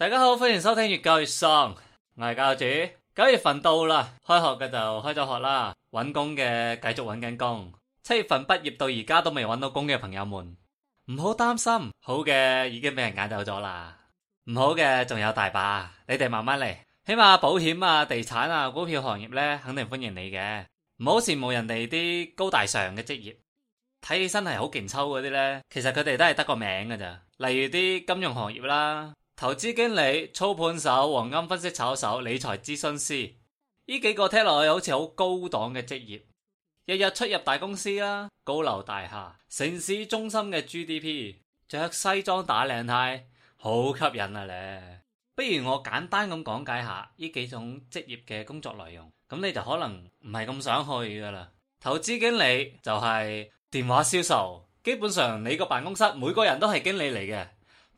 大家好，歡迎收聽粵教粵喪。我係教主。九月份到啦，開學嘅就開咗學啦，揾工嘅繼續揾緊工。七月份畢業到而家都未揾到工嘅朋友們，唔好擔心，好嘅已經俾人揀走咗啦。唔好嘅仲有大把，你哋慢慢嚟，起碼保險啊、地產啊、股票行業呢，肯定歡迎你嘅。唔好羨慕人哋啲高大上嘅職業，睇起身係好勁抽嗰啲呢，其實佢哋都係得個名噶咋。例如啲金融行業啦。投資經理、操盤手、黃金分析、炒手、理財諮詢師，呢幾個聽落去好似好高檔嘅職業，日日出入大公司啦，高樓大廈、城市中心嘅 GDP，着西裝打領呔，好吸引啊咧！不如我簡單咁講解下呢幾種職業嘅工作內容，咁你就可能唔係咁想去噶啦。投資經理就係電話銷售，基本上你個辦公室每個人都係經理嚟嘅。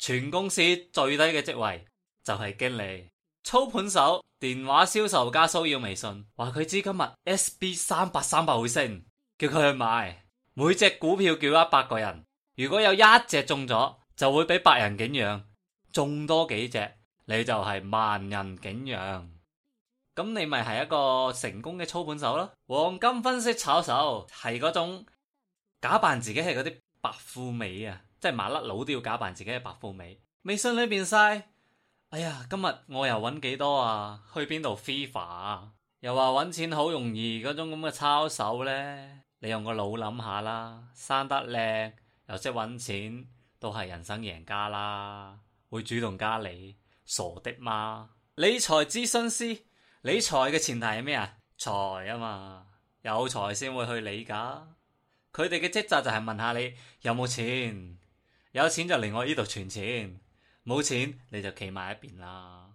全公司最低嘅職位就係經理，操盤手、電話銷售加騷擾微信，話佢知今日 SB 三百三百會升，叫佢去買。每隻股票叫一百個人，如果有一隻中咗，就會俾百人景仰；中多幾隻，你就係萬人景仰。咁你咪係一個成功嘅操盤手咯。黃金分析炒手係嗰種假扮自己係嗰啲白富美啊。即係麻甩佬都要假扮自己係白富美。微信裏邊晒，哎呀，今日我又揾幾多啊？去邊度？FIFA 啊？又話揾錢好容易嗰種咁嘅抄手呢？你用個腦諗下啦，生得靚又識揾錢，都係人生贏家啦。會主動加你，傻的嗎？理財諮詢師，理財嘅前提係咩啊？財啊嘛，有財先會去理噶。佢哋嘅職責就係問下你有冇錢。有錢就嚟我呢度存錢，冇錢你就企埋一邊啦。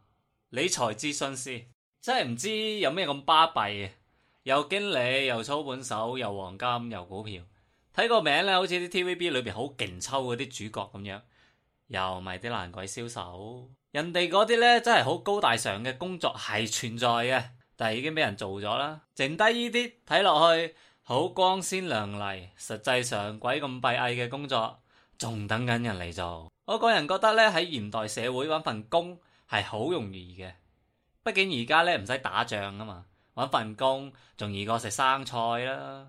理財諮詢師真係唔知有咩咁巴閉嘅，又經理又操盤手又黃金又股票，睇個名咧好似啲 TVB 裏面好勁抽嗰啲主角咁樣，又咪啲爛鬼銷售。人哋嗰啲咧真係好高大上嘅工作係存在嘅，但係已經俾人做咗啦，剩低呢啲睇落去好光鮮亮麗，實際上鬼咁弊翳嘅工作。仲等緊人嚟做，我個人覺得咧喺現代社會揾份工係好容易嘅。畢竟而家咧唔使打仗啊嘛，揾份工仲易過食生菜啦。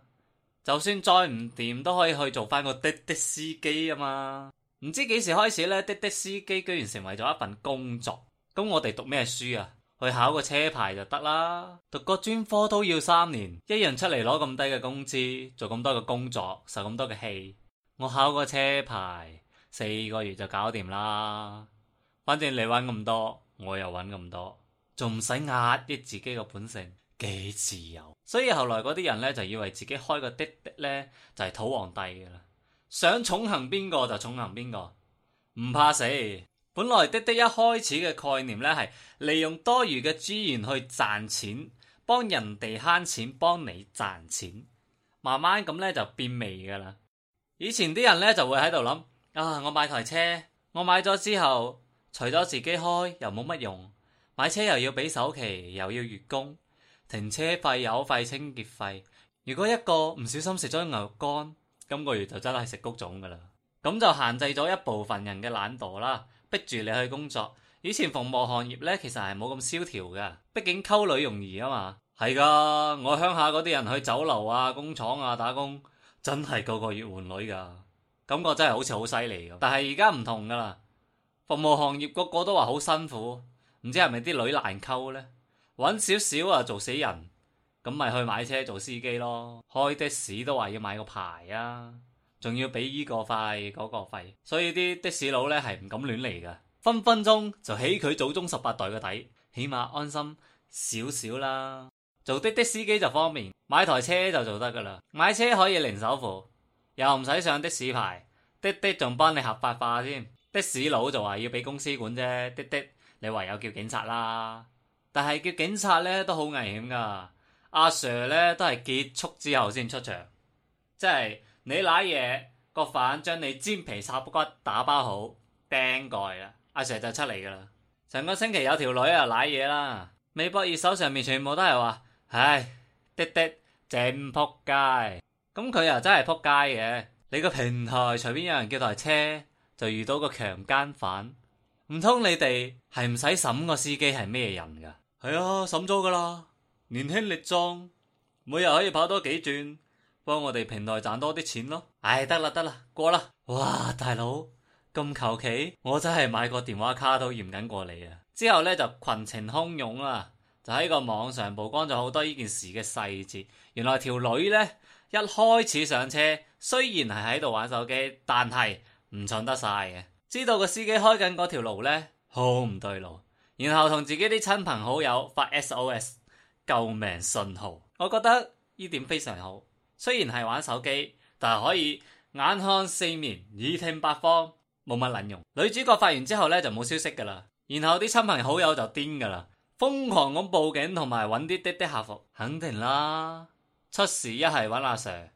就算再唔掂都可以去做翻個滴滴司機啊嘛。唔知幾時開始呢，滴滴司機居然成為咗一份工作。咁我哋讀咩書啊？去考個車牌就得啦。讀個專科都要三年，一樣出嚟攞咁低嘅工資，做咁多嘅工作，受咁多嘅氣。我考個車牌四個月就搞掂啦。反正你揾咁多，我又揾咁多，仲唔使壓抑自己嘅本性，幾自由。所以後來嗰啲人呢，就以為自己開個滴滴呢，就係土皇帝噶啦，想寵幸邊個就寵幸邊個，唔怕死。本來滴滴一開始嘅概念呢，係利用多餘嘅資源去賺錢，幫人哋慳錢，幫你賺錢，慢慢咁呢，就變味噶啦。以前啲人咧就會喺度諗啊，我買台車，我買咗之後，除咗自己開又冇乜用，買車又要俾首期，又要月供，停車費、油費、清潔費，如果一個唔小心食咗牛肉乾，今個月就真係食穀種噶啦。咁就限制咗一部分人嘅懶惰啦，逼住你去工作。以前服務行業咧，其實係冇咁蕭條噶，畢竟溝女容易啊嘛。係噶，我鄉下嗰啲人去酒樓啊、工廠啊打工。真係個個月換女噶，感覺真係好似好犀利咁。但係而家唔同噶啦，服務行業個個都話好辛苦，唔知係咪啲女難溝呢？搵少少啊，做死人咁，咪去買車做司機咯。開的士都話要買個牌啊，仲要俾依個費嗰個費，所以啲的士佬呢係唔敢亂嚟噶，分分鐘就起佢祖宗十八代嘅底，起碼安心少少啦。做滴滴司機就方便，買台車就做得噶啦。買車可以零首付，又唔使上的士牌，滴滴仲幫你合法化添。的士佬就話要俾公司管啫，滴滴，你唯有叫警察啦。但係叫警察呢都好危險噶，阿 sir 呢都係結束之後先出場，即係你賴嘢個犯將你煎皮插骨打包好釘蓋啦，阿 sir 就出嚟噶啦。上個星期有條女呀，賴嘢啦，微博熱搜上面全部都係話。唉，滴滴正仆街，咁佢又真係仆街嘅。你個平台隨便有人叫台車，就遇到個強奸犯，唔通你哋係唔使審個司機係咩人噶？係啊，審咗噶啦，年輕力壯，每日可以跑多幾轉，幫我哋平台賺多啲錢咯。唉、哎，得啦得啦，過啦。哇，大佬咁求其，我真係買個電話卡都嚴緊過你啊。之後呢，就群情洶湧啊。喺個網上曝光咗好多呢件事嘅細節。原來條女咧一開始上車，雖然係喺度玩手機，但係唔蠢得晒嘅。知道個司機開緊嗰條路咧好唔對路，然後同自己啲親朋好友發 SOS 救命信號。我覺得呢點非常好。雖然係玩手機，但係可以眼看四面，耳聽八方，冇乜卵用。女主角發完之後咧就冇消息噶啦，然後啲親朋好友就癲噶啦。瘋狂咁報警同埋揾啲滴滴客服，肯定啦。出事一係揾阿 Sir，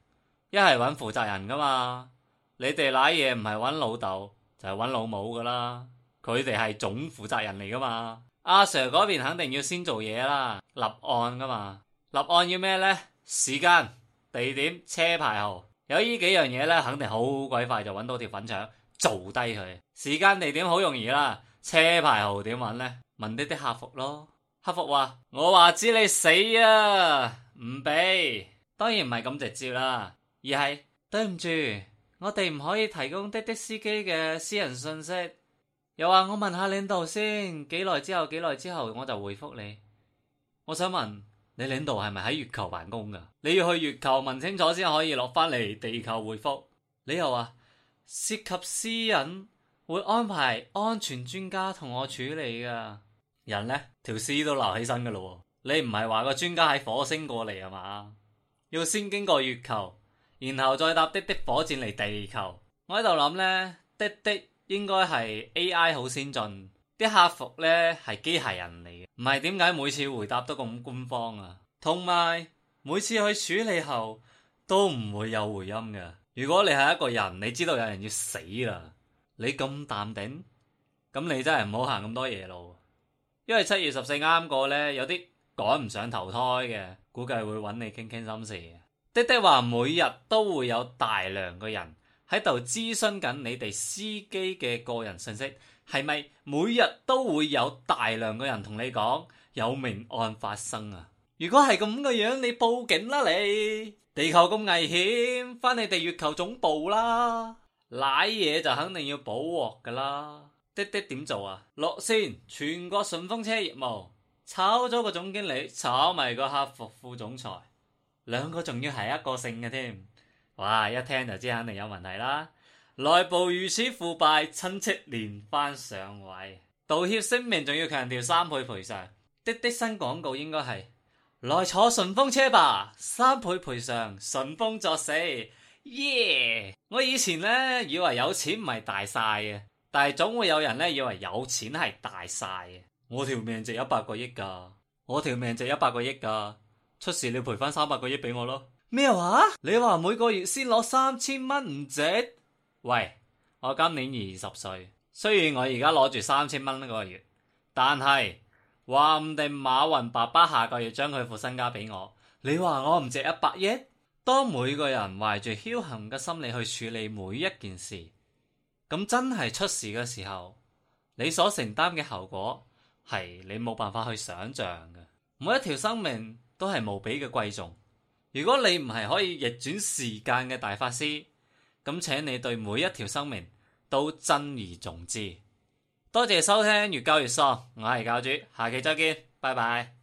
一係揾負責人噶嘛。你哋瀨嘢唔係揾老豆就係、是、揾老母噶啦，佢哋係總負責人嚟噶嘛。阿 Sir 嗰邊肯定要先做嘢啦，立案噶嘛。立案要咩呢？時間、地點、車牌號，有呢幾樣嘢呢，肯定好鬼快就揾到條粉腸，做低佢。時間、地點好容易啦，車牌號點揾呢？問滴滴客服咯。客服話：我話知你死啊，唔俾。當然唔係咁直接啦，而係對唔住，我哋唔可以提供滴滴司機嘅私人信息。又話我問下領導先，幾耐之後幾耐之後我就回復你。我想問你領導係咪喺月球辦公噶？你要去月球問清楚先可以落返嚟地球回復。你又話涉及私隱，會安排安全專家同我處理噶。人呢條屍都立起身噶啦，你唔係話個專家喺火星過嚟啊嘛？要先經過月球，然後再搭滴滴火箭嚟地球。我喺度諗呢，滴滴應該係 A.I. 好先進，啲客服呢係機械人嚟嘅，唔係點解每次回答都咁官方啊？同埋每次去處理後都唔會有回音嘅。如果你係一個人，你知道有人要死啦，你咁淡定，咁你真係唔好行咁多夜路。因為七月十四啱過咧，有啲趕唔上投胎嘅，估計會揾你傾傾心事。爹爹話每日都會有大量嘅人喺度諮詢緊你哋司機嘅個人信息，係咪每日都會有大量嘅人同你講有命案發生啊？如果係咁嘅樣，你報警啦！你地球咁危險，返你哋月球總部啦！賴嘢就肯定要補鑊㗎啦。滴滴點做啊？落線全國順風車業務炒咗個總經理，炒埋個客服副總裁，兩個仲要係一個姓嘅添。哇！一聽就知肯定有問題啦。內部如此腐敗，親戚連番上位，道歉聲明仲要強調三倍賠償。滴滴新廣告應該係來坐順風車吧，三倍賠償，順風作死。耶、yeah!！我以前呢，以為有錢唔係大晒嘅。但係總會有人咧，以為有錢係大晒嘅。我條命值一百個億噶，我條命值一百個億噶，出事你賠翻三百個億俾我咯。咩話？你話每個月先攞三千蚊唔值？喂，我今年二十歲，雖然我而家攞住三千蚊一個月，但係話唔定馬雲爸爸下個月將佢副身家俾我，你話我唔值一百億？當每個人懷住僥幸嘅心理去處理每一件事。咁真係出事嘅時候，你所承擔嘅後果係你冇辦法去想象嘅。每一條生命都係無比嘅貴重。如果你唔係可以逆轉時間嘅大法師，咁請你對每一條生命都珍而重之。多謝收聽《粵教粵喪》，我係教主，下期再見，拜拜。